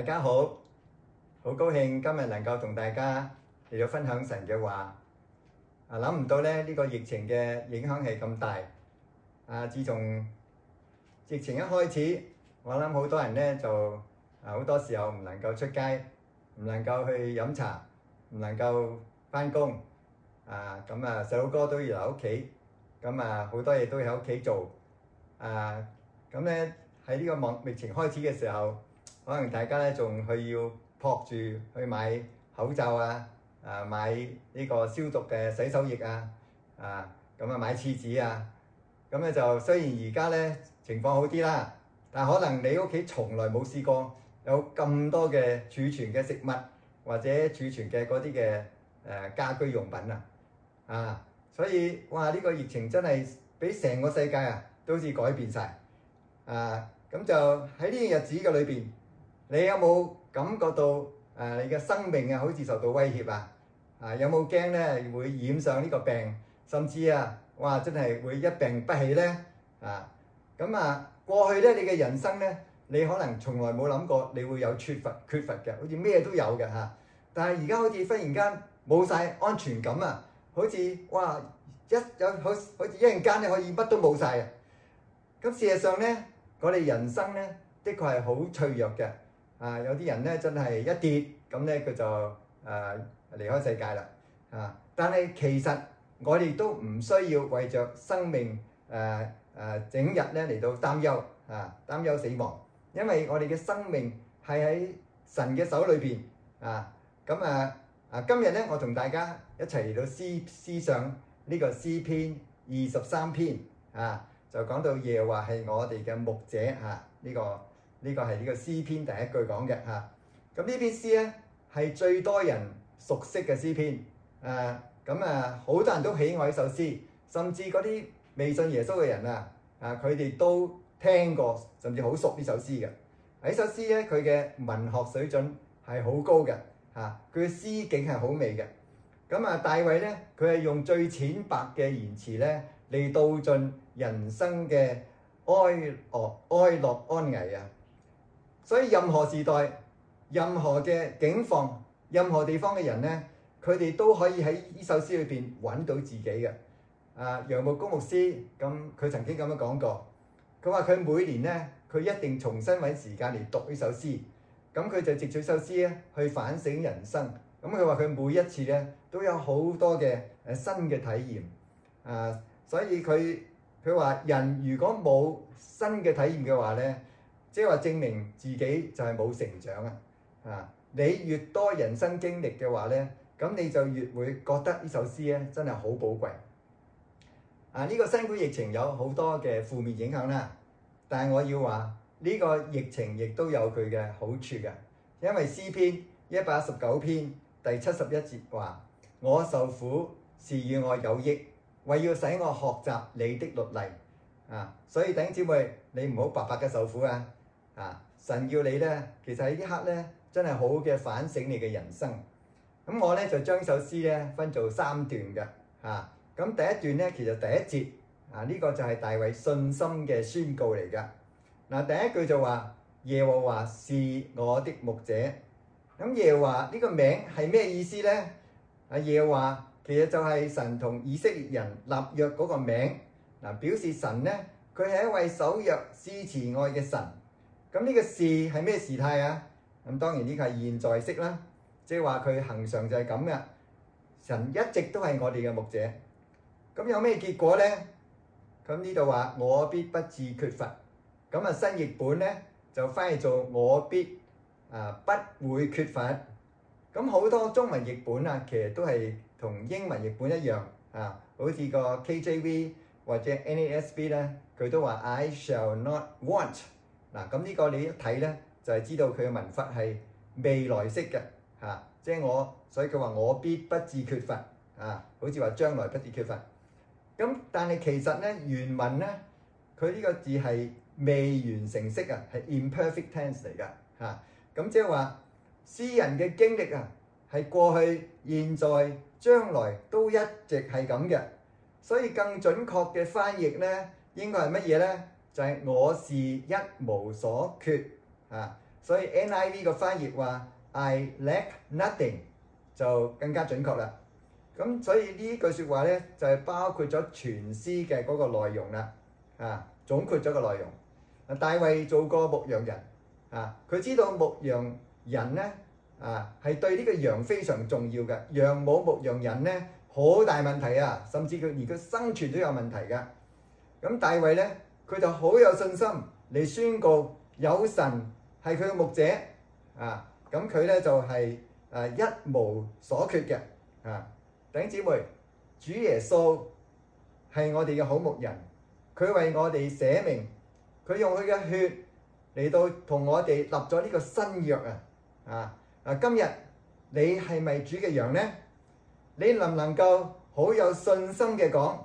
大家好，好高興今日能夠同大家嚟到分享神嘅話。啊，諗唔到咧呢個疫情嘅影響係咁大。啊，自從疫情一開始，我諗好多人咧就啊好多時候唔能夠出街，唔能夠去飲茶，唔能夠返工。啊，咁啊細佬哥都要留屋企，咁啊好多嘢都要喺屋企做。啊，咁咧喺呢個網疫情開始嘅時候。可能大家咧仲去要撲住去買口罩啊，啊買呢個消毒嘅洗手液啊，啊咁啊買廁紙啊，咁咧就雖然而家咧情況好啲啦，但可能你屋企從來冇試過有咁多嘅儲存嘅食物或者儲存嘅嗰啲嘅誒家居用品啊，啊所以哇！呢、這個疫情真係俾成個世界啊都好似改變晒啊，咁就喺呢日子嘅裏邊。你有冇感覺到、呃、你嘅生命好似受到威脅啊！啊，有冇驚會染上呢個病，甚至啊，哇！真係會一病不起呢？啊！咁啊，過去咧，你嘅人生咧，你可能從來冇諗過你會有缺乏缺乏嘅，好似咩都有嘅嚇、啊。但係而家好似忽然間冇曬安全感啊！好似哇，一有好好似一陣間咧可以乜都冇曬。咁、啊、事實上咧，我哋人生咧，的確係好脆弱嘅。啊，有啲人咧真係一跌，咁咧佢就誒、啊、離開世界啦。啊，但係其實我哋都唔需要為着生命誒誒、啊啊、整日咧嚟到擔憂啊，擔憂死亡，因為我哋嘅生命係喺神嘅手裏邊啊。咁啊啊，今日咧我同大家一齊嚟到思思想呢個詩篇二十三篇啊，就講到耶和華係我哋嘅牧者啊，呢、呢個。呢個係呢個詩篇第一句講嘅嚇。咁、啊、呢篇詩咧係最多人熟悉嘅詩篇，誒、啊、好、啊、多人都喜愛呢首詩，甚至嗰啲未信耶穌嘅人啊，啊佢哋都聽過，甚至好熟這首詩這首詩呢首詩嘅。呢首詩咧，佢嘅文學水準係好高嘅嚇，佢嘅詩境係好美嘅。咁啊，大衛咧，佢係用最淺白嘅言辭咧嚟道盡人生嘅哀樂、哀樂安危啊！所以任何時代、任何嘅境況、任何地方嘅人咧，佢哋都可以喺呢首詩裏邊揾到自己嘅。啊，楊牧谷牧師咁，佢曾經咁樣講過，佢話佢每年咧，佢一定重新揾時間嚟讀呢首詩，咁佢就藉住首詩咧去反省人生。咁佢話佢每一次咧都有好多嘅誒、啊、新嘅體驗，啊，所以佢佢話人如果冇新嘅體驗嘅話咧。即係話證明自己就係冇成長啊！啊，你越多人生經歷嘅話咧，咁你就越會覺得首詩呢首詩咧真係好寶貴啊！呢、啊這個新冠疫情有好多嘅負面影響啦，但係我要話呢、這個疫情亦都有佢嘅好處嘅，因為詩篇一百一十九篇第七十一節話：我受苦是與我有益，為要使我學習你的律例啊！所以弟兄姊妹，你唔好白白嘅受苦啊！啊！神要你咧，其實喺呢刻咧，真係好嘅反省你嘅人生。咁、啊、我咧就將首詩咧分做三段嘅嚇。咁、啊啊、第一段咧，其實第一節啊，呢、這個就係大衛信心嘅宣告嚟㗎。嗱、啊，第一句就話耶和華是我的牧者。咁耶和華呢個名係咩意思咧？啊，耶和華、這個啊、其實就係神同以色列人立約嗰個名，嗱、啊，表示神咧佢係一位守約、施慈愛嘅神。咁呢個事係咩事態啊？咁當然呢個係現在式啦，即係話佢恒常就係咁嘅。神一直都係我哋嘅牧者。咁有咩結果咧？咁呢度話我必不致缺乏。咁啊新譯本咧就翻譯做我必啊不會缺乏。咁好多中文譯本啊，其實都係同英文譯本一樣啊，好似個 KJV 或者 NASB 咧，佢都話 I shall not want。嗱，咁呢、啊這個你一睇咧，就係、是、知道佢嘅文法係未來式嘅，嚇、啊，即係我，所以佢話我必不至缺乏，啊，好似話將來不至缺乏。咁、啊、但係其實咧原文咧，佢呢個字係未完成式啊，係 imperfect tense 嚟噶，嚇。咁即係話詩人嘅經歷啊，係、啊、過去、現在、將來都一直係咁嘅，所以更準確嘅翻譯咧，應該係乜嘢咧？就係我是一無所缺啊，所以 NIV 嘅翻譯話 I lack nothing 就更加準確啦。咁所以句呢句説話咧就係、是、包括咗全詩嘅嗰個內容啦，啊總括咗個內容。啊，大衛做過牧羊人啊，佢知道牧羊人咧啊係對呢個羊非常重要嘅，羊冇牧羊人咧好大問題啊，甚至佢而佢生存都有問題嘅。咁大衛咧。佢就好有信心嚟宣告有神係佢嘅牧者啊！咁佢咧就係誒一無所缺嘅啊！頂姐妹，主耶穌係我哋嘅好牧人，佢為我哋寫名，佢用佢嘅血嚟到同我哋立咗呢個新約啊！啊！嗱，今日你係咪主嘅羊咧？你能唔能夠好有信心嘅講，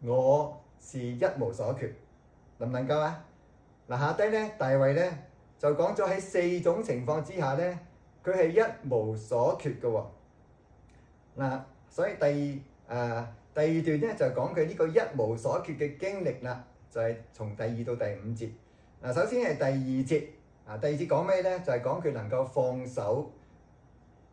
我是一無所缺。能唔能夠啊？嗱，下低咧，大衛咧就講咗喺四種情況之下咧，佢係一無所缺嘅喎嗱。所以第誒、啊、第二段咧就講佢呢個一無所缺嘅經歷啦，就係、係、從第二到第五節嗱、啊。首先係第二節啊，第二節講咩咧？就係講佢能夠放手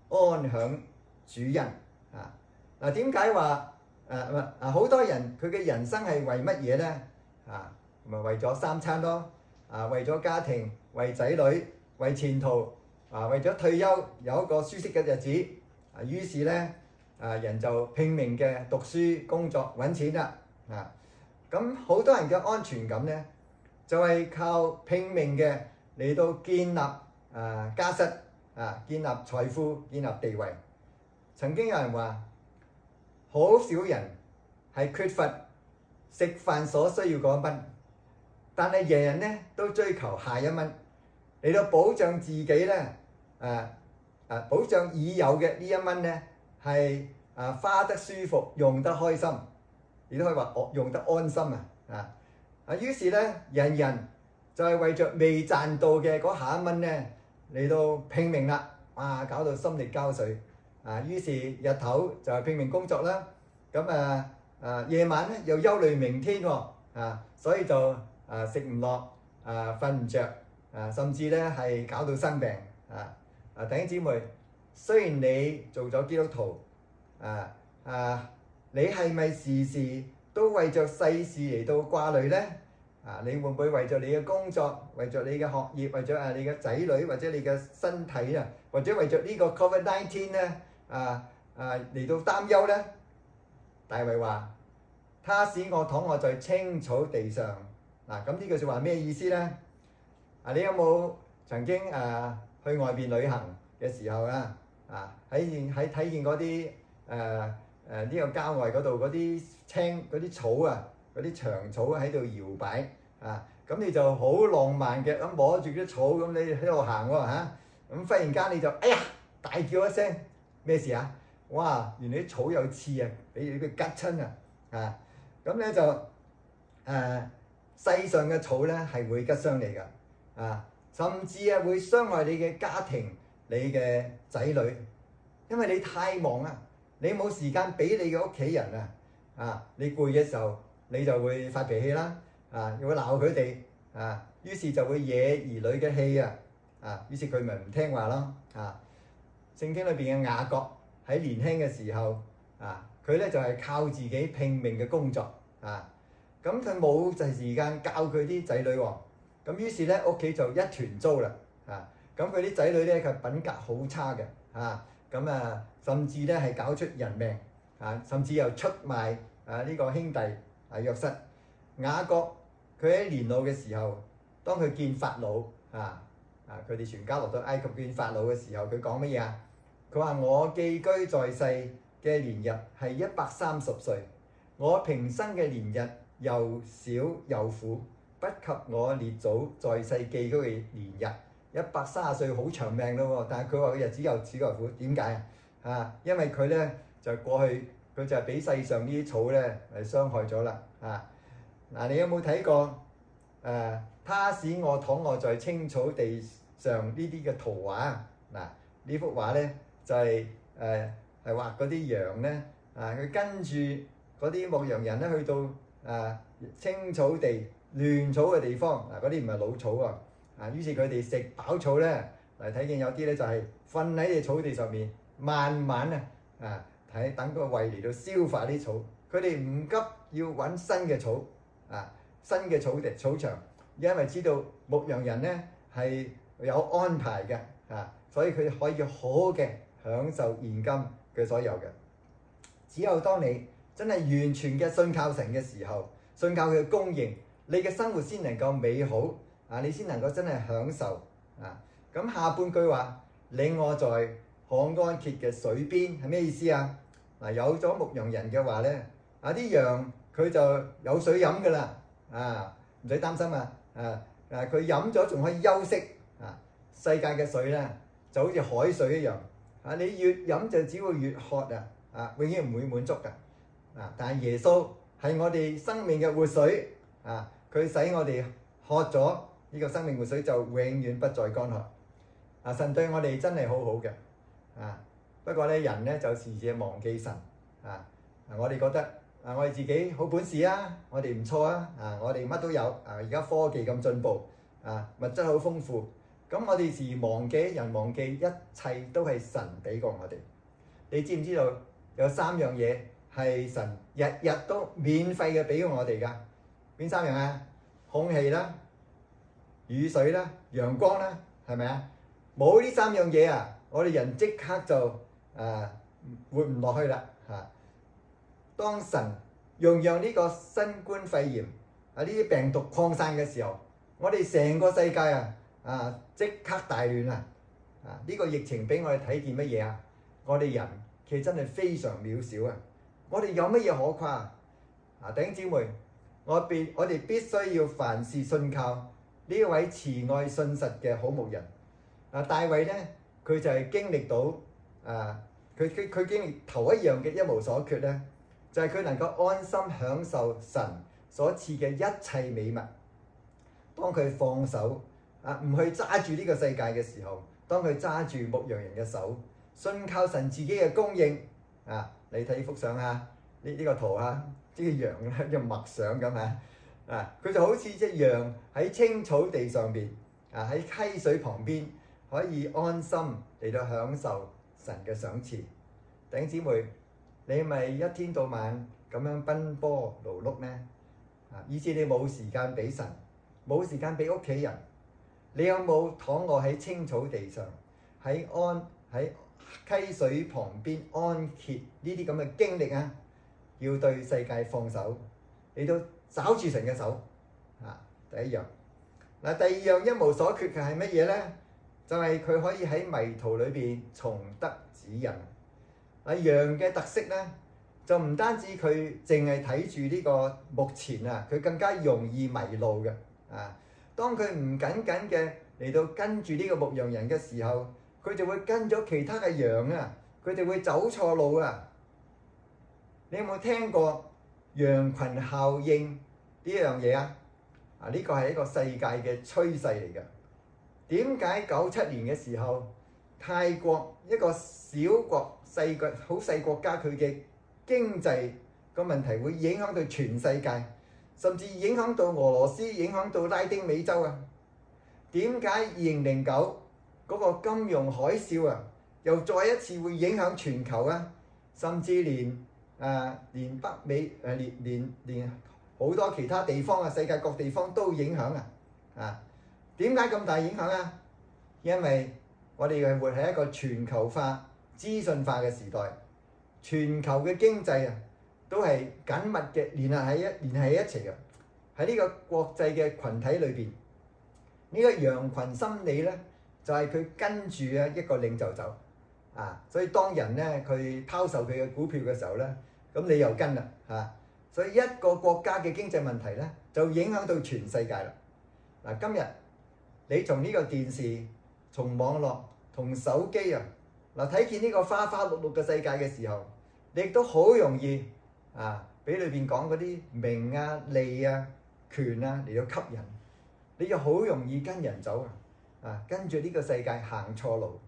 安享主人啊。嗱，點解話誒啊？好多人佢嘅人生係為乜嘢咧？啊？啊咪為咗三餐咯，啊，為咗家庭，為仔女，為前途，啊，為咗退休有一個舒適嘅日子，啊，於是咧，啊，人就拼命嘅讀書、工作、揾錢啦，啊，咁好多人嘅安全感咧，就係靠拼命嘅嚟到建立啊家室啊，建立財富、建立地位。曾經有人話：好少人係缺乏食飯所需要嗰筆。但係人人咧都追求下一蚊嚟到保障自己咧，啊啊保障已有嘅呢一蚊咧係啊花得舒服，用得開心，亦都可以話我用得安心啊啊！啊於是咧人人就係為著未賺到嘅嗰下一蚊咧嚟到拼命啦，哇搞到心力交瘁啊！於是日頭就係拼命工作啦，咁啊啊夜晚咧又憂慮明天喎啊，所以就～啊！食唔落，啊！瞓唔著，啊！甚至咧係搞到生病啊！啊！弟兄姊妹，雖然你做咗基督徒，啊啊！你係咪時時都為著世事嚟到掛慮咧？啊！你會唔會為著你嘅工作、為著你嘅學業、為著啊你嘅仔女或者你嘅身體啊，或者為著呢個 COVID-19 咧？啊啊！嚟到擔憂咧？大衞話：他使我躺卧在青草地上。嗱，咁呢句説話咩意思咧、呃啊啊啊這個啊？啊，你有冇曾經誒去外邊旅行嘅時候啊？啊，喺喺睇見嗰啲誒誒呢個郊外嗰度嗰啲青嗰啲草啊，嗰啲長草喺度搖擺啊，咁你就好浪漫嘅，咁摸住嗰啲草，咁你喺度行喎嚇，咁忽然間你就哎呀大叫一聲咩事啊？哇！原來啲草有刺啊，俾佢吉親啊！啊，咁、啊、咧就誒。啊世上嘅草咧係會拮傷你嘅，啊，甚至啊會傷害你嘅家庭、你嘅仔女，因為你太忙啦，你冇時間俾你嘅屋企人啊，啊，你攰嘅時候你就會發脾氣啦，啊，會鬧佢哋，啊，於是就會惹兒女嘅氣啊，啊，於是佢咪唔聽話咯，啊，聖經裏邊嘅雅各喺年輕嘅時候，啊，佢咧就係靠自己拼命嘅工作，啊。咁佢冇就時間教佢啲仔女喎、哦，咁於是咧屋企就一團糟啦。啊，咁佢啲仔女咧佢品格好差嘅，啊，咁啊甚至咧係搞出人命啊，甚至又出賣啊呢、這個兄弟啊約瑟雅各。佢喺年老嘅時候，當佢見法老啊啊，佢、啊、哋全家落到埃及見法老嘅時候，佢講乜嘢啊？佢話我寄居在世嘅年日係一百三十歲，我平生嘅年日。又少又苦，不及我列祖在世紀都嘅年日，一百三十歲好長命咯。但係佢話嘅日子又少又苦，點解啊？因為佢咧就過去，佢就俾世上呢啲草咧係傷害咗啦。啊，嗱、啊，你有冇睇過誒、啊？他使我躺卧在青草地上呢啲嘅圖畫嗱，呢、啊、幅畫咧就係誒係畫嗰啲羊咧啊，佢、啊、跟住嗰啲牧羊人咧去到。誒青、啊、草地亂草嘅地方嗱，嗰啲唔係老草喎，啊，於是佢哋食飽草咧、啊，嚟、啊、睇、啊、見有啲咧就係瞓喺啲草地上面，慢慢啊啊睇等個胃嚟到消化啲草，佢哋唔急要搵新嘅草啊，新嘅草地草場，因為知道牧羊人咧係有安排嘅啊，所以佢可以好嘅享受現今嘅所有嘅，只有當你，真係完全嘅信靠神嘅時候，信靠佢嘅供應，你嘅生活先能夠美好啊！你先能夠真係享受啊！咁下半句話，你我在可安歇嘅水邊係咩意思啊？啊有咗牧羊人嘅話呢，啊啲羊佢就有水飲㗎喇啊，唔使擔心啊啊啊！佢飲咗仲可以休息啊！世界嘅水呢就好似海水一樣啊！你越飲就只會越渴啊啊！永遠唔會滿足㗎。啊！但耶穌係我哋生命嘅活水啊！佢使我哋喝咗呢個生命活水，就永遠不再乾渴啊！神對我哋真係好好嘅啊！不過呢，人呢就時時忘記神啊，啊！我哋覺得啊，我哋自己好本事啊，我哋唔錯啊啊！我哋乜都有啊！而家科技咁進步啊，物質好豐富。咁我哋時忘記，人忘記，一切都係神俾過我哋。你知唔知道有三樣嘢？係神日日都免費嘅俾我哋噶，邊三樣啊？空氣啦、雨水啦、陽光啦，係咪啊？冇呢三樣嘢啊，我哋人即刻就、啊、活唔落去啦嚇、啊。當神用讓呢個新冠肺炎啊呢啲病毒擴散嘅時候，我哋成個世界啊啊即刻大亂啊！啊、這、呢個疫情俾我哋睇見乜嘢啊？我哋人其實真係非常渺小啊！我哋有乜嘢可誇？啊，弟兄姊妹，我必我哋必須要凡事信靠呢位慈愛信實嘅好牧人。啊，大衛咧，佢就係經歷到啊，佢佢佢經歷頭一樣嘅一無所缺咧，就係佢能夠安心享受神所賜嘅一切美物。當佢放手啊，唔去揸住呢個世界嘅時候，當佢揸住牧羊人嘅手，信靠神自己嘅供應啊。你睇幅相啊，呢、這、呢個圖啊，啲羊咧，即係默想咁嚇，啊，佢就好似隻羊喺青草地上邊，啊喺溪水旁邊，可以安心嚟到享受神嘅賞賜。頂姊妹，你咪一天到晚咁樣奔波勞碌咩？啊，以至你冇時間俾神，冇時間俾屋企人，你有冇躺卧喺青草地上，喺安喺？溪水旁邊安歇呢啲咁嘅經歷啊，要對世界放手，你都抓住成嘅手啊！第一樣嗱、啊，第二樣一無所缺嘅係乜嘢咧？就係、是、佢可以喺迷途裏邊重得指引。牧、啊、羊嘅特色咧，就唔單止佢淨係睇住呢個目前啊，佢更加容易迷路嘅啊！當佢唔緊緊嘅嚟到跟住呢個牧羊人嘅時候，佢就會跟咗其他嘅羊啊，佢就會走錯路啊！你有冇聽過羊群效應呢樣嘢啊？啊，呢個係一個世界嘅趨勢嚟㗎。點解九七年嘅時候，泰國一個小國細國好細國家，佢嘅經濟個問題會影響到全世界，甚至影響到俄羅斯，影響到拉丁美洲啊？點解二零零九，嗰個金融海嘯啊，又再一次會影響全球啊，甚至連誒、啊、連北美誒、啊、連連連好多其他地方啊，世界各地方都影響啊！啊，點解咁大影響啊？因為我哋係活喺一個全球化資訊化嘅時代，全球嘅經濟啊都係緊密嘅連繫喺一連繫喺一齊嘅喺呢個國際嘅群體裏邊，呢、這個羊群心理咧。就係佢跟住啊，一個領袖走啊，所以當人咧佢拋售佢嘅股票嘅時候咧，咁你又跟啦嚇，所以一個國家嘅經濟問題咧，就影響到全世界啦。嗱，今日你從呢個電視、從網絡、同手機啊，嗱睇見呢個花花綠綠嘅世界嘅時候，你亦都好容易啊，俾裏邊講嗰啲名啊、利啊、權啊嚟到吸引，你又好容易跟人走啊。啊，跟住呢個世界行錯路，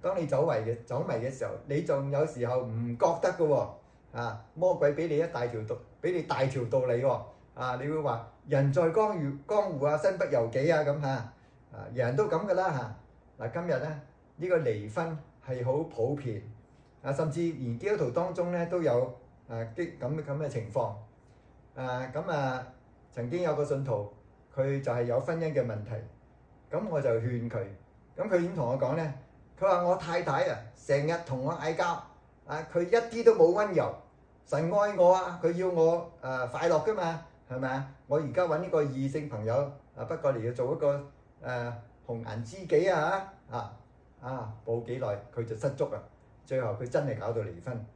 當你走遺嘅走迷嘅時候，你仲有時候唔覺得嘅喎、哦，啊魔鬼俾你一大條道，俾你大條道理喎、哦，啊，你會話人在江湖，江湖啊，身不由己啊咁嚇，啊人、啊、人都咁嘅啦嚇。嗱、啊、今日咧，呢、這個離婚係好普遍，啊，甚至連基督徒當中咧都有啊啲咁咁嘅情況。啊咁啊，啊，曾經有個信徒，佢就係有婚姻嘅問題。咁我就勸佢，咁佢點同我講咧？佢話：我太太啊，成日同我嗌交啊，佢一啲都冇溫柔，神愛我啊，佢要我誒、啊、快樂㗎嘛，係咪啊？我而家揾呢個異性朋友啊，不過嚟要做一個誒紅顏知己啊，啊啊，冇幾耐佢就失足啦，最後佢真係搞到離婚。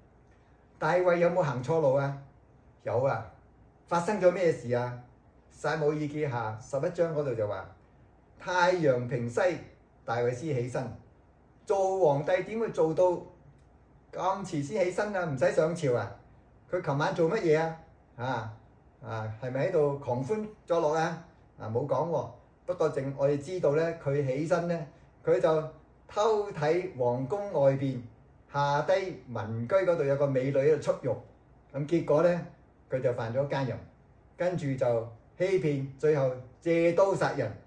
大衞有冇行錯路啊？有啊！發生咗咩事啊？晒冇意見下，十一章嗰度就話。太陽平西，大衛斯起身做皇帝，點會做到咁遲先起身啊？唔使上朝啊？佢琴晚做乜嘢啊？啊啊，係咪喺度狂歡作樂啊？啊冇講喎，不過淨我哋知道咧，佢起身咧，佢就偷睇皇宮外邊下低民居嗰度有個美女喺度出浴，咁結果咧佢就犯咗奸淫，跟住就欺騙，最後借刀殺人。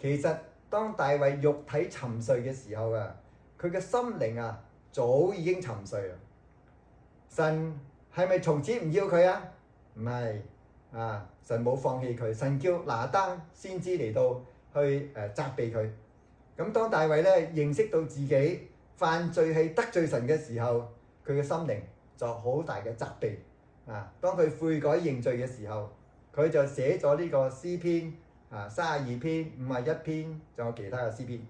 其實當大衛肉體沉睡嘅時候啊，佢嘅心靈啊早已經沉睡啊。神係咪從此唔要佢啊？唔係啊，神冇放棄佢，神叫拿單先知嚟到去誒、呃、責備佢。咁、啊、當大衛咧認識到自己犯罪係得罪神嘅時候，佢嘅心靈就好大嘅責備啊。當佢悔改認罪嘅時候，佢就寫咗呢個詩篇。啊，三十二篇五十一篇，仲有其他嘅詩篇。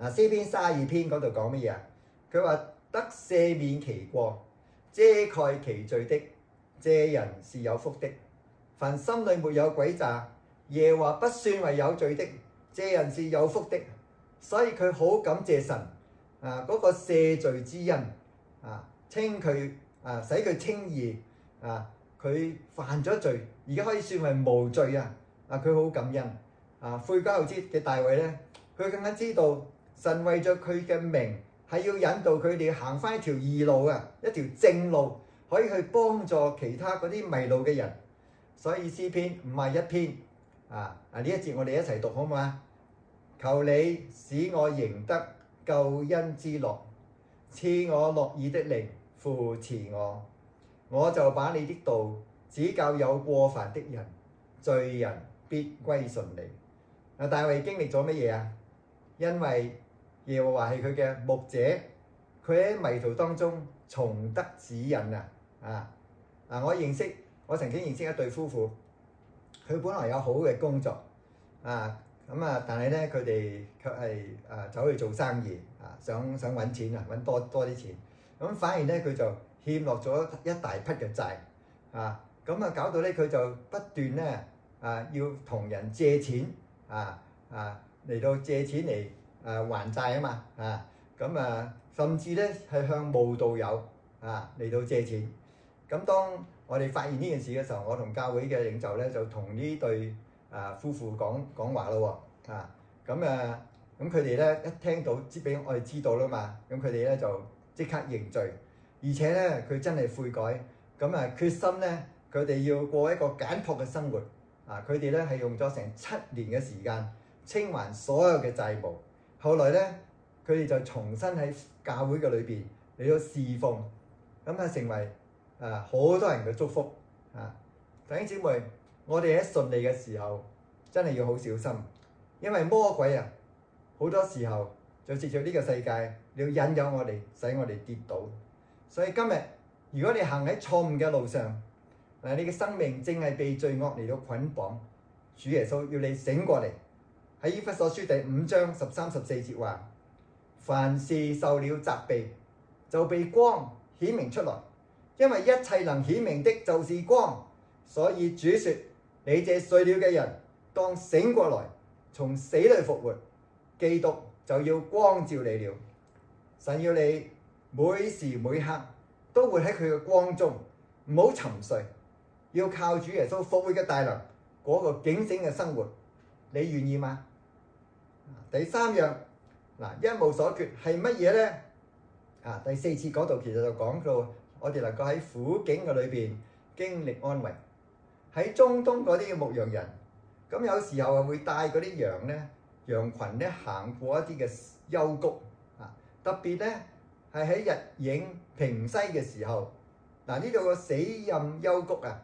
嗱，詩篇三十二篇嗰度講乜嘢？佢話得赦免其過、遮蓋其罪的，這人是有福的。凡心裏沒有詭詐，耶和華不算為有罪的，這人是有福的。所以佢好感謝神啊，嗰、那個赦罪之恩啊，稱佢啊，使佢稱義啊，佢犯咗罪而家可以算為無罪啊。啊！佢好感恩啊！悔改又知嘅大衛咧，佢更加知道神為咗佢嘅名，係要引導佢哋行翻一條義路啊，一條正路，可以去幫助其他嗰啲迷路嘅人。所以詩篇唔係一篇啊！啊呢一節我哋一齊讀好唔好？求你使我贏得救恩之樂，賜我樂意的靈扶持我，我就把你的道指教有過犯的人、罪人。必歸順你。嗱，大衛經歷咗乜嘢啊？因為耶和華係佢嘅牧者，佢喺迷途當中從得指引啊！啊，嗱，我認識，我曾經認識一對夫婦，佢本來有好嘅工作啊，咁啊，但係咧佢哋卻係誒走去做生意啊，想想搵錢啊，搵多多啲錢，咁反而咧佢就欠落咗一大筆嘅債啊，咁啊搞到咧佢就不斷咧。啊！要同人借錢啊啊，嚟、啊、到借錢嚟啊還債啊嘛啊咁啊，甚至咧係向慕道友啊嚟到借錢。咁、啊、當我哋發現呢件事嘅時候，我同教會嘅領袖咧就同呢對啊夫婦講講話咯喎、哦、啊咁啊咁佢哋咧一聽到即俾我哋知道啦嘛，咁佢哋咧就即刻認罪，而且咧佢真係悔改，咁啊決心咧佢哋要過一個簡樸嘅生活。啊！佢哋咧係用咗成七年嘅時間清還所有嘅債務，後來咧佢哋就重新喺教會嘅裏邊嚟到侍奉，咁啊成為誒好多人嘅祝福啊！弟兄姐妹，我哋喺順利嘅時候真係要好小心，因為魔鬼啊好多時候就藉著呢個世界你要引誘我哋，使我哋跌倒。所以今日如果你行喺錯誤嘅路上，你嘅生命正係被罪惡嚟到捆綁，主耶穌要你醒過嚟。喺《以弗所書》第五章十三十四節話：凡事受了責備，就被光顯明出來，因為一切能顯明的，就是光。所以主說：你這睡了嘅人，當醒過來，從死裏復活。基督就要光照你了。神要你每時每刻都活喺佢嘅光中，唔好沉睡。要靠主耶穌復活嘅大能，嗰個警醒嘅生活，你願意嗎？第三樣嗱，一無所缺係乜嘢咧？啊，第四節嗰度其實就講到我哋能夠喺苦境嘅裏邊經歷安慰。喺中東嗰啲嘅牧羊人，咁有時候係會帶嗰啲羊咧，羊羣咧行過一啲嘅幽谷啊，特別咧係喺日影平西嘅時候，嗱呢度個死蔭幽谷啊！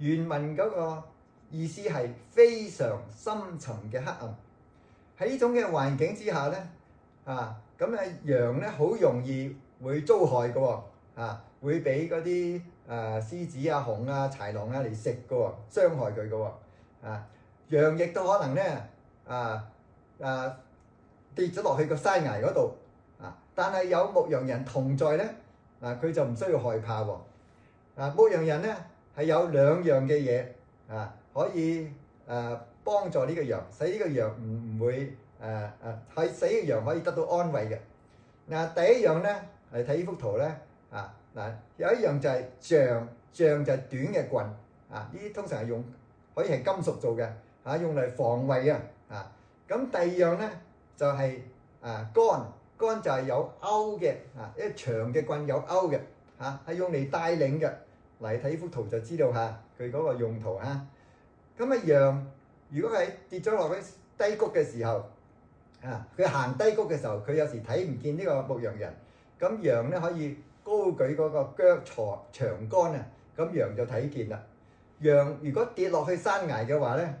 原文嗰個意思係非常深沉嘅黑暗，喺呢種嘅環境之下咧，啊咁啊羊咧好容易會遭害嘅喎，哦，啊會俾嗰啲誒獅子啊、熊啊、豺狼啊嚟食嘅喎，傷害佢嘅喎，啊羊亦都可能咧，啊啊跌咗落去個山崖嗰度，啊但係有牧羊人同在咧，嗱、啊、佢就唔需要害怕喎，哦，啊牧羊人咧。係有兩樣嘅嘢啊，可以誒幫助呢個羊，使呢個羊唔唔會誒誒係使嘅羊可以得到安慰嘅。嗱，第一樣咧係睇呢幅圖咧啊嗱，有一樣就係杖，杖就係短嘅棍啊，呢啲通常係用可以係金屬做嘅啊，用嚟防衞啊。啊咁第二樣咧就係啊杆，杆就係有勾嘅啊，一長嘅棍有勾嘅啊，係用嚟帶領嘅。嚟睇依幅圖就知道吓佢嗰個用途吓。咁啊羊，如果係跌咗落去低谷嘅時候，啊佢行低谷嘅時候，佢有時睇唔見呢個牧羊人。咁羊咧可以高舉嗰個腳長長竿啊，咁羊就睇見啦。羊如果跌落去山崖嘅話咧，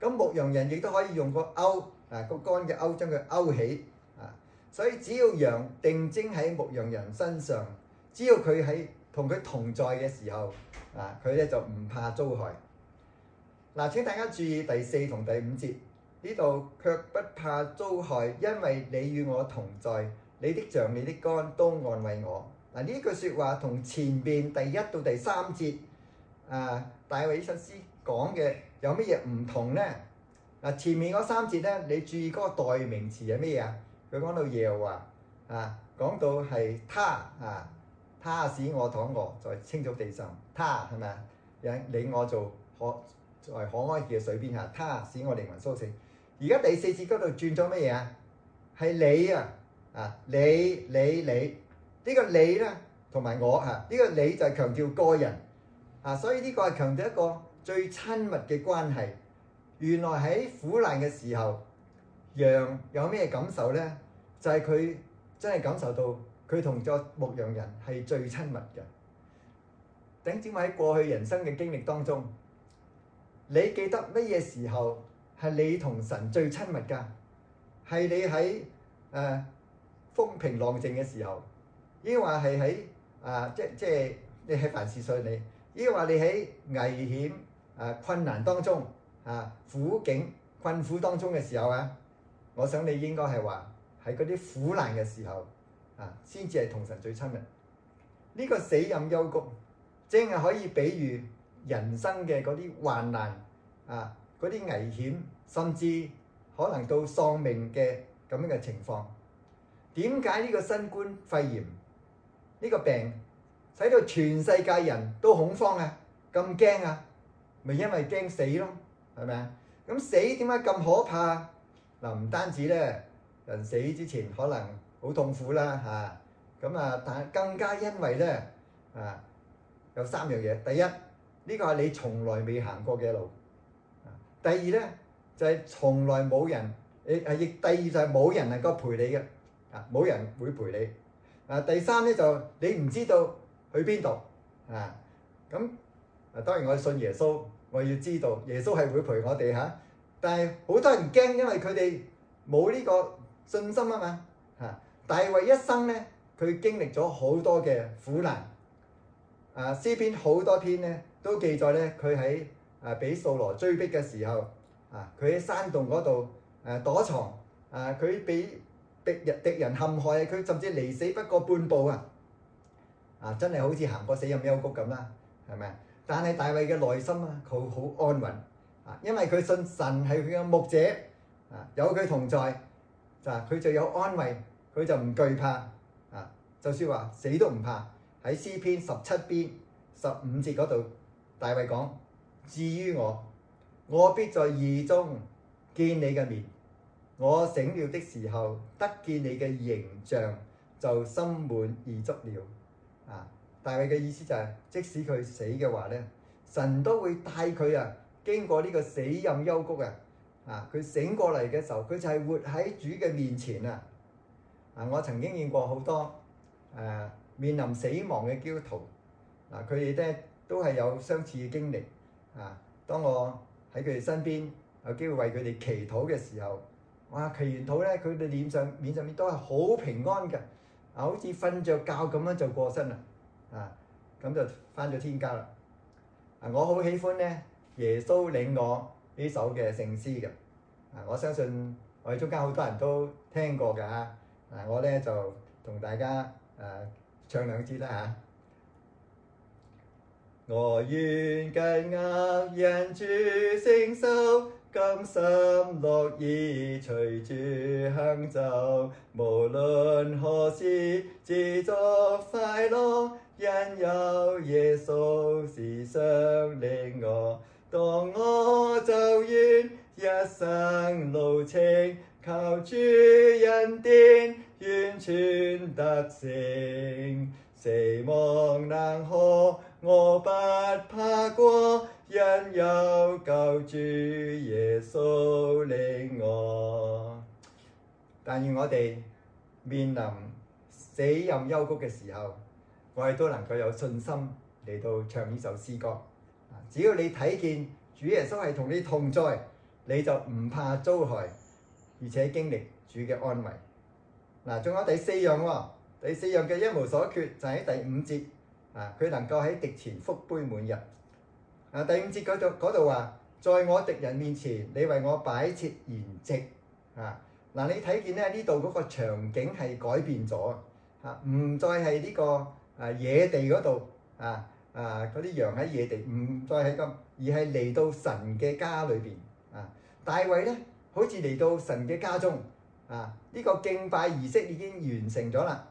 咁牧羊人亦都可以用個勾啊個竿嘅勾將佢勾起啊。所以只要羊定睛喺牧羊人身上，只要佢喺。同佢同在嘅時候，啊，佢咧就唔怕遭害。嗱、啊，請大家注意第四同第五節呢度，卻不怕遭害，因為你與我同在，你的杖、你的竿都安慰我。嗱、啊，呢句説話同前面第一到第三節，啊，大衛詩斯講嘅有乜嘢唔同呢？嗱、啊，前面嗰三節咧，你注意嗰個代名詞係乜嘢？佢講到耶和華，啊，講到係他，啊。他使我躺臥，在、就是、青草地上。他係咪啊？讓你我做可，在可哀嘅水邊下。他使我靈魂甦醒。而家第四節嗰度轉咗乜嘢啊？係你啊！啊，你你你，呢、這個你咧，同埋我嚇，呢、啊這個你就強調個人啊，所以呢個係強調一個最親密嘅關係。原來喺苦難嘅時候，羊有咩感受咧？就係、是、佢真係感受到。佢同咗牧羊人係最親密嘅。頂尖話喺過去人生嘅經歷當中，你記得乜嘢時候係你同神最親密噶？係你喺誒、呃、風平浪靜嘅時候，抑或係喺啊，即即係你喺凡事順利，抑或你喺危險啊、呃、困難當中啊苦境困苦當中嘅時候啊？我想你應該係話，喺嗰啲苦難嘅時候。先至係同神最親密。呢個死陰幽谷，正係可以比喻人生嘅嗰啲患難啊，嗰啲危險，甚至可能到喪命嘅咁樣嘅情況。點解呢個新冠肺炎呢個病，使到全世界人都恐慌啊？咁驚啊？咪因為驚死咯，係咪啊？咁死點解咁可怕？嗱，唔單止咧，人死之前可能。好痛苦啦嚇咁啊！但係更加因為咧啊，有三樣嘢。第一，呢、這個係你從來未行過嘅路、啊。第二咧就係、是、從來冇人誒誒，第二就係冇人能夠陪你嘅啊，冇人會陪你啊。第三咧就你唔知道去邊度啊。咁啊，當然我信耶穌，我要知道耶穌係會陪我哋嚇、啊。但係好多人驚，因為佢哋冇呢個信心啊嘛。大衛一生咧，佢經歷咗好多嘅苦難。啊，《詩篇》好多篇咧都記載咧，佢喺啊俾掃羅追逼嘅時候，啊佢喺山洞嗰度誒躲藏，啊佢俾敵人陷害，佢甚至離死不過半步啊！啊，真係好似行過死蔭幽谷咁啦，係咪啊？但係大衛嘅內心啊，佢好安穩啊，因為佢信神係佢嘅牧者啊，有佢同在就佢、啊、就有安慰。佢就唔懼怕啊！就算話死都唔怕。喺詩篇十七篇十五節嗰度，大衛講，至於我，我必在義中見你嘅面。我醒了的時候，得見你嘅形象，就心滿意足了啊！大衛嘅意思就係、是，即使佢死嘅話咧，神都會帶佢啊，經過呢個死蔭幽谷嘅啊，佢、啊、醒過嚟嘅時候，佢就係活喺主嘅面前啊！嗱、啊，我曾經見過好多誒、啊，面臨死亡嘅基督徒。嗱、啊，佢哋咧都係有相似嘅經歷。啊，當我喺佢哋身邊有機會為佢哋祈禱嘅時候，哇！祈完禱咧，佢哋臉上面上面都係好平安嘅，啊，好似瞓着覺咁樣就過身啦。啊，咁就返咗天家啦。啊，我好喜歡咧，耶穌領我呢首嘅聖詩嘅、啊。啊，我相信我哋中間好多人都聽過㗎。啊。嗱，我呢，就同大家、呃、唱兩支啦嚇。我願緊握恩主聖手，甘心樂意隨住行走，無論何時知足快樂，因有耶穌時常領我。當我就願一生路程，求主恩典穿得成，死亡難可，我不怕過，因有救主耶穌領我。但願我哋面臨死蔭幽谷嘅時候，我哋都能夠有信心嚟到唱呢首詩歌。只要你睇見主耶穌係同你同在，你就唔怕遭害，而且經歷主嘅安慰。嗱，仲有第四樣喎，第四樣嘅一無所缺就喺第五節，啊，佢能夠喺敵前福杯滿溢。啊，第五節嗰度嗰度話，在我敵人面前，你為我擺設筵席。啊，嗱、啊，你睇見咧呢度嗰個場景係改變咗啊，唔再係呢個啊野地嗰度啊啊嗰啲羊喺野地，唔再係咁，而係嚟到神嘅家裏邊。啊，大衛咧好似嚟到神嘅家中。啊！呢、這個敬拜儀式已經完成咗啦，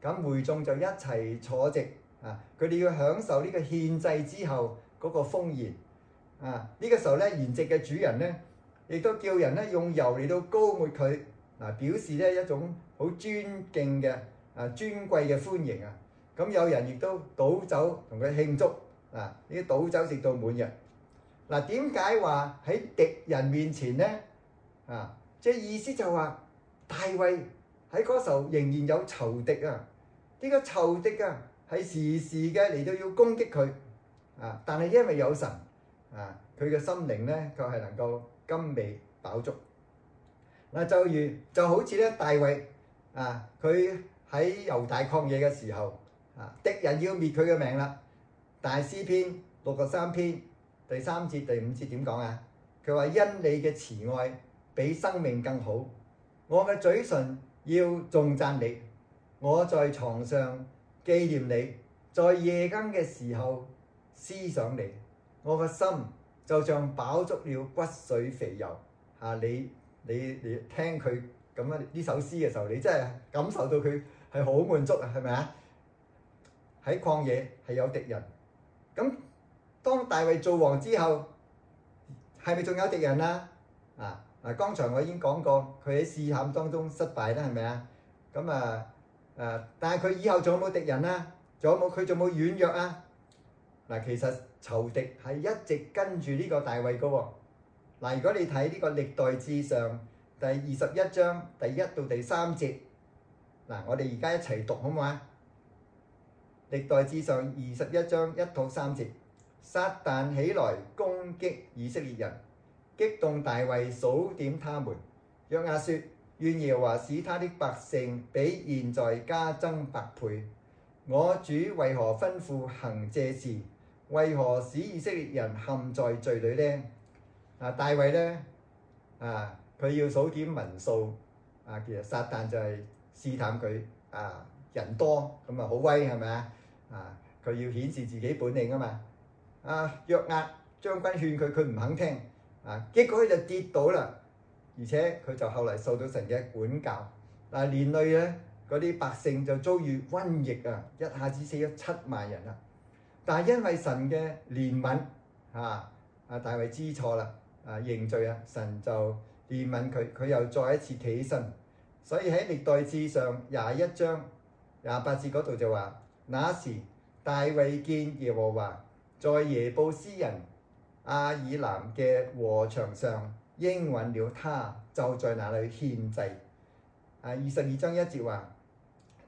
咁會眾就一齊坐席啊！佢哋要享受呢個獻祭之後嗰個豐筵啊！呢、這個時候咧，筵席嘅主人咧，亦都叫人咧用油嚟到膏抹佢嗱、啊，表示咧一種好尊敬嘅啊尊貴嘅歡迎啊！咁有人亦都倒酒同佢慶祝呢啲、啊、倒酒食到滿溢嗱，點解話喺敵人面前咧啊？即係意思就話、是。大衛喺嗰時候仍然有仇敵啊！呢、這個仇敵啊，係時時嘅嚟到要攻擊佢、啊、但係因為有神啊，佢嘅心靈咧，佢係能夠甘美飽足。嗱、啊，就如就好似咧，大衛啊，佢喺猶大曠野嘅時候啊，敵人要滅佢嘅命啦。但係詩篇六十三篇第三節第五節點講啊？佢話因你嘅慈愛比生命更好。我嘅嘴唇要重讚你，我在床上紀念你，在夜更嘅時候思想你。我嘅心就像飽足了骨髓肥油。嚇、啊、你你你聽佢咁呢首詩嘅時候，你真係感受到佢係好滿足啊，係咪啊？喺曠野係有敵人，咁當大衛做王之後，係咪仲有敵人啊？嗱，剛才我已經講過，佢喺試探當中失敗啦，係咪啊？咁啊，但係佢以後仲有冇敵人呢？仲有冇佢仲有冇軟弱啊？嗱，其實仇敵係一直跟住呢個大衛嘅喎。嗱，如果你睇呢個歷代志上第二十一章第一到第三節，嗱，我哋而家一齊讀好唔好啊？歷代志上二十一章一到三節，撒但起來攻擊以色列人。激動大衛數點他們，約押說：願耶和華使他的百姓比現在加增百倍。我主為何吩咐行這事？為何使以色列人陷在罪裏呢？啊，大衛呢？啊，佢要數點民數啊，其實撒旦就係試探佢啊，人多咁，啊好威係咪啊？啊，佢要顯示自己本領啊嘛。啊，約押將軍勸佢，佢唔肯聽。啊！結果佢就跌倒啦，而且佢就後嚟受到神嘅管教。嗱，連累咧嗰啲百姓就遭遇瘟疫啊，一下子死咗七萬人啦。但係因為神嘅憐憫，啊啊大衛知錯啦，啊認罪啊，啊，啊，啊，啊，啊，啊，啊，神就憐憫佢，佢又再一次企起身。所以喺《歷代志上》廿一章廿八節嗰度就話：那時大衛見耶和華在耶布斯人。阿珥楠嘅禾場上應允了他，就在那裡獻祭。啊，二十二章一節話，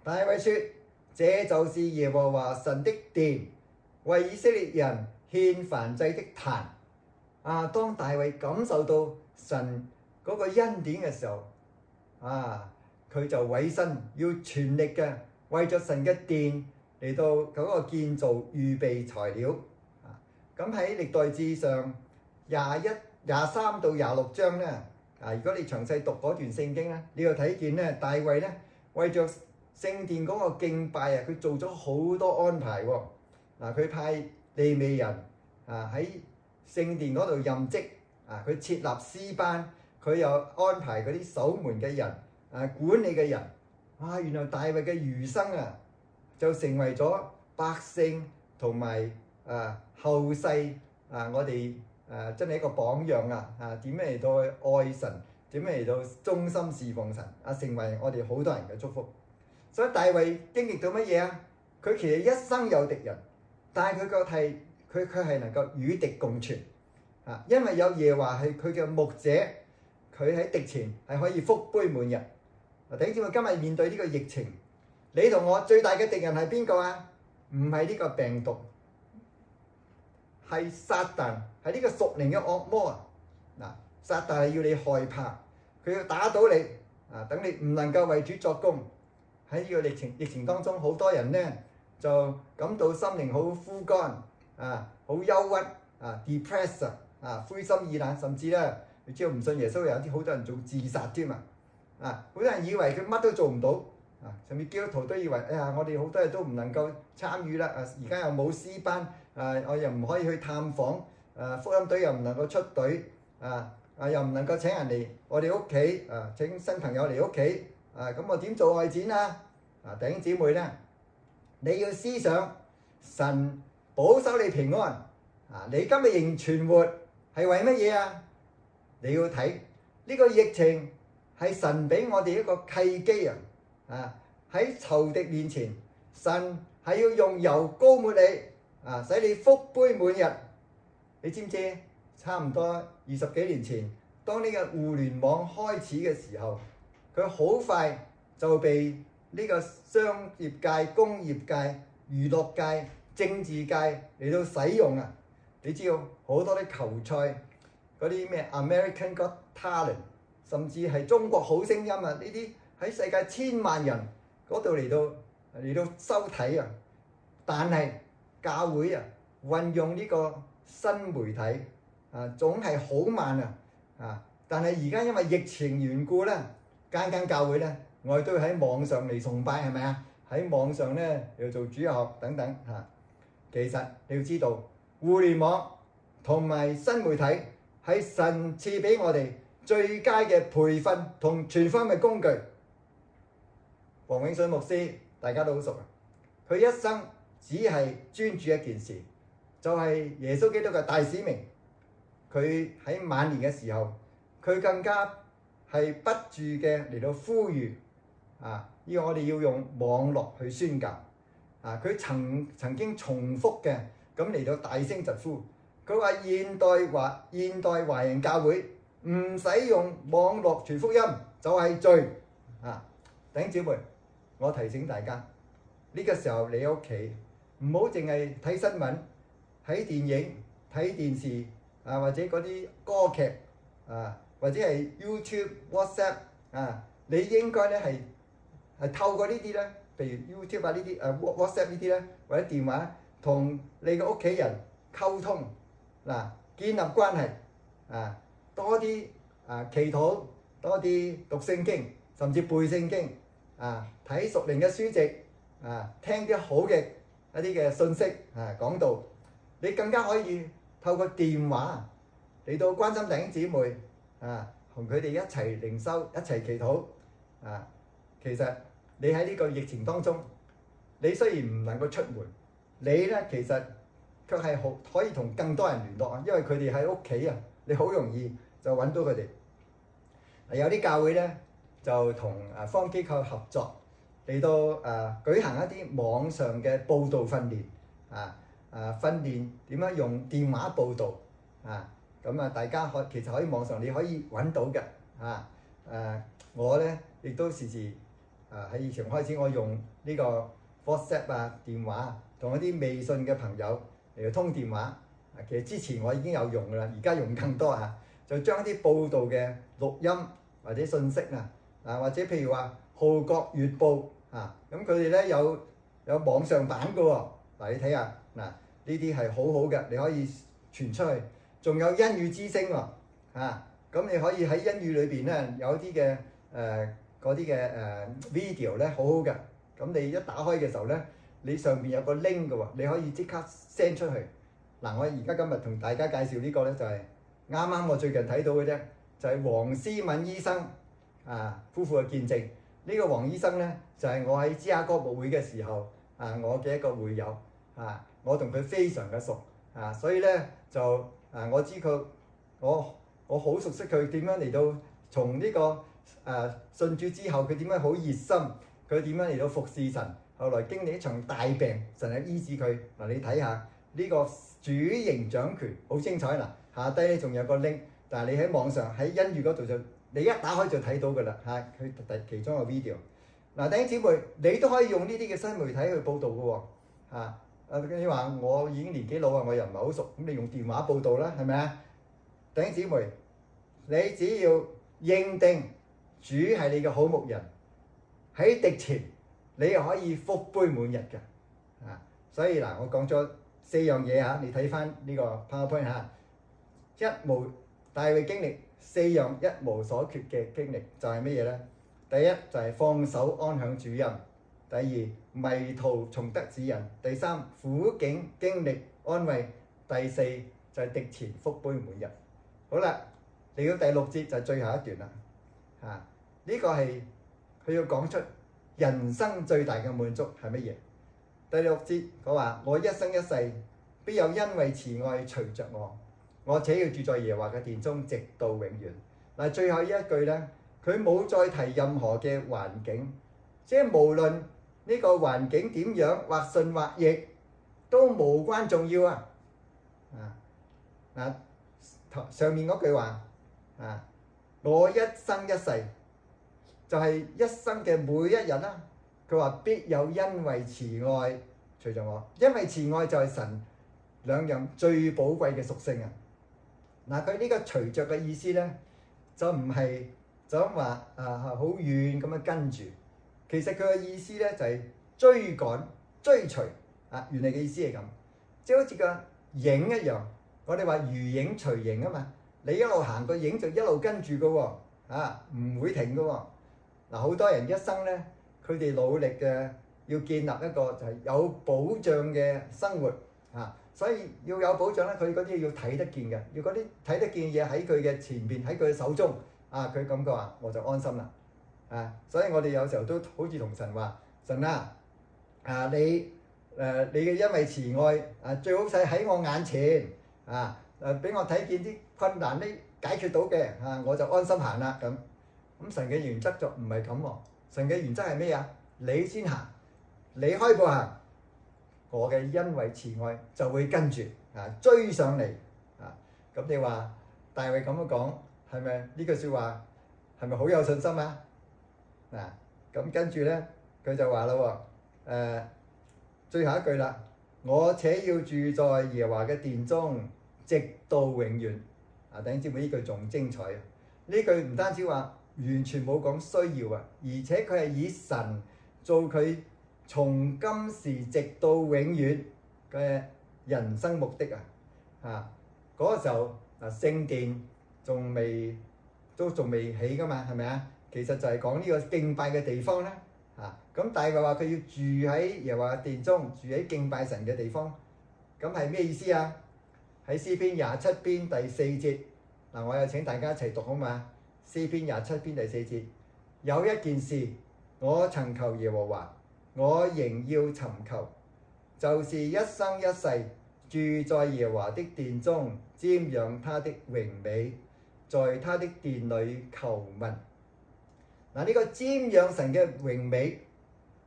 大衛說，這就是耶和華神的殿，為以色列人獻燔祭的壇。啊，當大衛感受到神嗰個恩典嘅時候，啊，佢就委身要全力嘅為着神嘅殿嚟到嗰個建造預備材料。咁喺歷代志上廿一廿三到廿六章咧，啊！如果你詳細讀嗰段聖經咧，你又睇見咧，大衛咧為着聖殿嗰個敬拜啊，佢做咗好多安排喎、哦。嗱、啊，佢派利未人啊喺聖殿嗰度任職啊，佢設立師班，佢又安排嗰啲守門嘅人啊，管理嘅人啊，原來大衛嘅餘生啊，就成為咗百姓同埋啊～後世啊，我哋誒、啊、真係一個榜樣啊！啊，點嚟到愛神，點嚟到忠心侍奉神啊，成為我哋好多人嘅祝福。所以大衛經歷到乜嘢啊？佢其實一生有敵人，但係佢卻係佢佢係能夠與敵共存啊！因為有耶和華係佢嘅牧者，佢喺敵前係可以福杯滿溢。啊！頂住我今日面對呢個疫情，你同我最大嘅敵人係邊個啊？唔係呢個病毒。係撒旦，係呢個屬靈嘅惡魔啊！嗱，撒旦係要你害怕，佢要打倒你啊！等你唔能夠為主作工。喺呢個疫情疫情當中，好多人呢就感到心靈好枯乾啊，好憂鬱啊，depressed 啊，灰心意冷，甚至呢你即係唔信耶穌，有啲好多人仲自殺添啊！好多人以為佢乜都做唔到啊，甚至基督徒都以為哎呀，我哋好多嘢都唔能夠參與啦啊！而家又冇師班。誒，我又唔可以去探訪，誒，福音隊又唔能夠出隊，啊，啊，又唔能夠請人嚟我哋屋企，誒，請新朋友嚟屋企，啊，咁我點做外展啊？啊，弟兄姊妹呢，你要思想神保守你平安，啊，你今日仍存活係為乜嘢啊？你要睇呢個疫情係神俾我哋一個契機啊！喺仇敵面前，神係要用油膏抹你。啊！使你福杯滿日，你知唔知？差唔多二十幾年前，當呢個互聯網開始嘅時候，佢好快就被呢個商業界、工業界、娛樂界、政治界嚟到使用啊！你知道好多啲球賽，嗰啲咩 American Got Talent，甚至係中國好聲音啊！呢啲喺世界千萬人嗰度嚟到嚟到收睇啊！但係，教會啊，運用呢個新媒體啊，總係好慢啊，啊！但係而家因為疫情緣故咧，間間教會咧，我哋都要喺網上嚟崇拜，係咪啊？喺網上咧又做主學等等，吓！其實你要知道，互聯網同埋新媒體係神賜俾我哋最佳嘅培訓同全方位工具。黃永信牧師大家都好熟啊，佢一生。只係專注一件事，就係、是、耶穌基督嘅大使命。佢喺晚年嘅時候，佢更加係不住嘅嚟到呼籲啊！要我哋要用網絡去宣教啊！佢曾曾經重複嘅咁嚟到大聲疾呼，佢話現代華現代華人教會唔使用，用網絡傳福音就係罪啊！弟兄姊妹，我提醒大家呢、這個時候你屋企。唔好淨係睇新聞、睇電影、睇電視啊，或者嗰啲歌劇啊，或者係 YouTube、WhatsApp 啊，你應該咧係係透過呢啲咧，譬如 YouTube 啊呢啲，誒 WhatsApp 呢啲咧，或者電話同你嘅屋企人溝通嗱，建立關係啊，多啲啊祈禱，多啲讀聖經，甚至背聖經啊，睇屬靈嘅書籍啊，聽啲好嘅。一啲嘅信息啊，講到，你更加可以透過電話嚟到關心弟兄姊妹啊，同佢哋一齊靈修，一齊祈禱啊。其實你喺呢個疫情當中，你雖然唔能夠出門，你咧其實卻係好可以同更多人聯絡啊，因為佢哋喺屋企啊，你好容易就揾到佢哋。有啲教會咧就同誒方機構合作。嚟到誒、啊、舉行一啲網上嘅報道訓練啊，誒、啊、訓練點樣用電話報道啊，咁啊，大家可其實可以網上，你可以揾到嘅啊誒、啊、我咧亦都時時誒喺、啊、以前開始，我用呢個 WhatsApp 啊電話同一啲微信嘅朋友嚟到通電話啊。其實之前我已經有用噶啦，而家用更多啊，就將啲報道嘅錄音或者信息啊啊或者譬如話。《報國月報》啊，咁佢哋咧有有網上版嘅喎。嗱，你睇下嗱，呢啲係好好嘅，你可以傳出去。仲有恩語之聲喎啊，咁你可以喺恩語裏邊咧有啲嘅誒嗰啲嘅誒 video 咧，好好嘅。咁你一打開嘅時候咧，你上邊有個 link 嘅喎，你可以即刻 send 出去。嗱，我而家今日同大家介紹呢個咧就係啱啱我最近睇到嘅啫，就係黃思敏醫生啊夫婦嘅見證。呢個黃醫生咧就係、是、我喺芝加哥舞會嘅時候啊，我嘅一個會友啊，我同佢非常嘅熟啊，所以咧就啊，我知佢我我好熟悉佢點樣嚟到從呢、這個誒信主之後，佢點樣好熱心，佢點樣嚟到服侍神，後來經歷一場大病，神就醫治佢。嗱，你睇下呢個主營掌權好精彩。嗱、啊，下低咧仲有個 link，但係你喺網上喺欣語嗰度就。你一打開就睇到嘅啦，佢、啊、其中一個 video。嗱、啊，弟兄姊妹，你都可以用呢啲嘅新媒體去報導嘅喎、哦啊，你話我已經年紀老啊，我又唔係好熟，你用電話報導啦，係咪啊？弟兄姊妹，你只要認定主係你嘅好牧人，喺敵前你可以福杯滿溢嘅、啊，所以嗱、啊，我講咗四樣嘢嚇、啊，你睇翻呢個 powerpoint 嚇、啊，一無。大衛佢經歷四樣一無所缺嘅經歷，就係乜嘢咧？第一就係、是、放手安享主恩；第二迷途重得指引；第三苦境經歷安慰；第四就係、是、敵前福杯滿溢。好啦，嚟到第六節就係、最後一段啦。嚇、啊，呢、這個係佢要講出人生最大嘅滿足係乜嘢？第六節佢話：我一生一世必有恩惠慈愛隨着我。我且要住在耶和華嘅殿中，直到永遠。嗱，最後一句咧，佢冇再提任何嘅環境，即係無論呢個環境點樣或順或逆，都無關重要啊！啊嗱、啊，上面嗰句話啊，我一生一世就係一生嘅每一日啦、啊。佢話必有恩惠慈愛隨著我，恩惠慈愛就係神兩樣最寶貴嘅屬性啊！嗱，佢呢個隨着嘅意思咧，就唔係就咁話啊，好遠咁樣跟住。其實佢嘅意思咧就係、是、追趕、追隨啊，原嚟嘅意思係咁，即係好似個影一樣。我哋話如影隨形啊嘛，你一路行個影就一路跟住嘅喎，啊唔會停嘅喎、哦。嗱、啊，好多人一生咧，佢哋努力嘅要建立一個就係有保障嘅生活。啊，所以要有保障咧，佢嗰啲要睇得見嘅，如果啲睇得見嘅嘢喺佢嘅前邊，喺佢嘅手中，啊，佢感覺啊，啊，啊，啊，啊，啊，啊，啊，我就安心啦。啊，所以我哋有時候都好似同神話，神啊，啊你誒你嘅因為慈愛啊，最好使喺我眼前啊，誒俾我睇見啲困難啲解決到嘅，啊我就安心行啦咁。咁神嘅原則就唔係咁喎，神嘅原則係咩啊？你先行，你開步行。我嘅恩惠慈愛就會跟住啊追上嚟啊，咁、嗯、你話大衛咁樣講係咪呢句説話係咪好有信心啊？嗱、啊，咁、嗯、跟住呢，佢就話啦喎、哦呃，最後一句啦，我且要住在耶和華嘅殿中，直到永遠啊！大家知唔知呢句仲精彩啊？呢句唔單止話完全冇講需要啊，而且佢係以神做佢。從今時直到永遠嘅人生目的啊！啊，嗰、那個時候啊，聖殿仲未都仲未起㗎嘛，係咪啊？其實就係講呢個敬拜嘅地方啦、啊。啊，咁但係佢話要住喺耶和華殿中住喺敬拜神嘅地方，咁係咩意思啊？喺詩篇廿七篇第四節，嗱、啊，我有請大家一齊讀好嘛。詩篇廿七篇第四節有一件事，我曾求耶和華。我仍要尋求，就是一生一世住在耶和華的殿中，瞻仰他的榮美，在他的殿裏求問。嗱，呢個瞻仰神嘅榮美，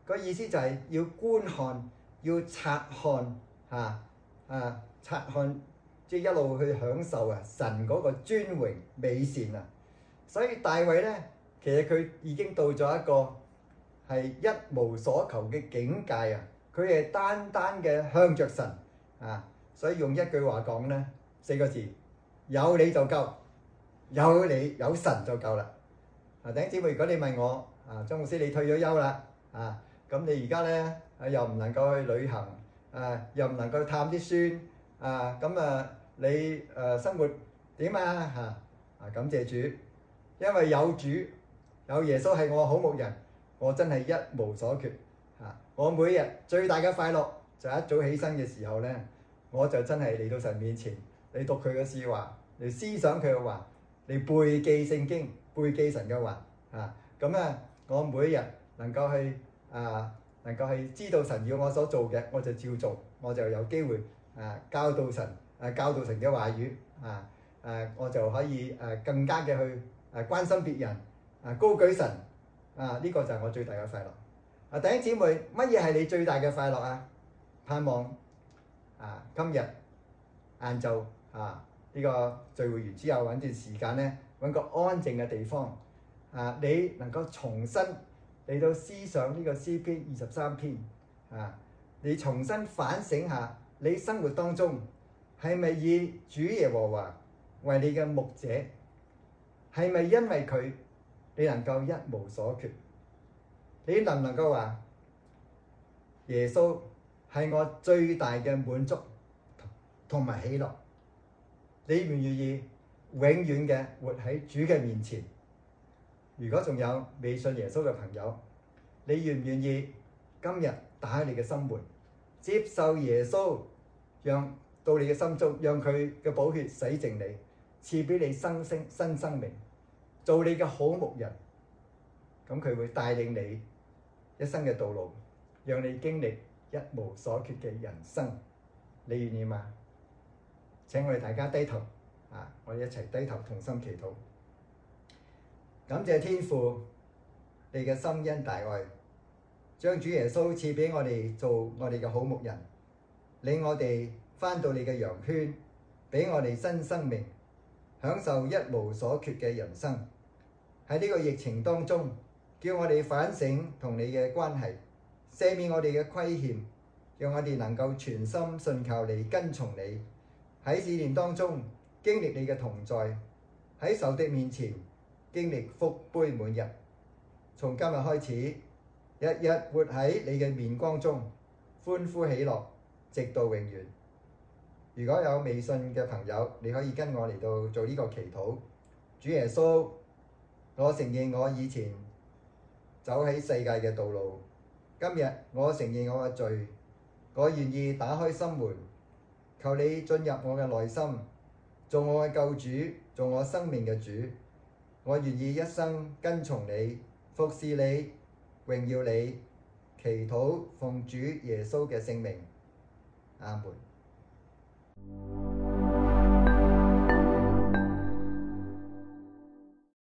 個意思就係要觀看，要察看，吓啊，察看，即係一路去享受啊神嗰個尊榮美善啊。所以大衛咧，其實佢已經到咗一個。係一無所求嘅境界啊！佢係單單嘅向着神啊，所以用一句話講咧，四個字有你就夠，有你有神就夠啦。啊，弟兄姊妹，如果你問我啊，張老師你退咗休啦啊，咁你而家咧又唔能夠去旅行啊，又唔能夠探啲孫啊，咁啊你誒生活點啊嚇啊？感謝主，因為有主有耶穌係我好牧人。我真係一無所缺啊！我每日最大嘅快樂就一早起身嘅時候咧，我就真係嚟到神面前，你讀佢嘅説話，你思想佢嘅話，你背記聖經，背記神嘅話啊。咁、啊、咧、啊，我每日能夠去啊，能夠去知道神要我所做嘅，我就照做，我就有機會啊，教導神啊，教導神嘅話語啊，誒、啊，我就可以誒、啊、更加嘅去誒、啊、關心別人啊，高舉神。啊！呢個就係我最大嘅快樂。啊，弟兄姊妹，乜嘢係你最大嘅快樂啊？盼望啊，今日晏晝啊，呢個聚會完之後，揾段時間咧，揾個安靜嘅地方啊，你能夠重新嚟到思想呢個《詩篇》二十三篇啊，你重新反省下，你生活當中係咪以主耶和華為你嘅牧者？係咪因為佢？你能夠一無所缺，你能唔能夠話耶穌係我最大嘅滿足同埋喜樂？你願唔願意永遠嘅活喺主嘅面前？如果仲有未信耶穌嘅朋友，你願唔願意今日打開你嘅心門，接受耶穌，讓到你嘅心中，讓佢嘅寶血洗淨你，賜俾你新生新生，生，生命。做你嘅好牧人，咁佢會帶領你一生嘅道路，讓你經歷一無所缺嘅人生。你願意嗎？請我哋大家低頭啊！我哋一齊低頭同心祈禱，感謝天父，你嘅深恩大愛，將主耶穌賜畀我哋做我哋嘅好牧人，領我哋翻到你嘅羊圈，俾我哋新生命，享受一無所缺嘅人生。喺呢個疫情當中，叫我哋反省同你嘅關係，赦免我哋嘅虧欠，讓我哋能夠全心信靠你跟從你。喺試煉當中經歷你嘅同在，喺仇敵面前經歷福杯滿溢。從今日開始，日日活喺你嘅面光中，歡呼喜樂，直到永遠。如果有未信嘅朋友，你可以跟我嚟到做呢個祈禱，主耶穌。我承認我以前走喺世界嘅道路，今日我承認我嘅罪，我願意打開心門，求你進入我嘅內心，做我嘅救主，做我生命嘅主，我願意一生跟從你，服侍你，榮耀你，祈禱奉主耶穌嘅聖名，阿門。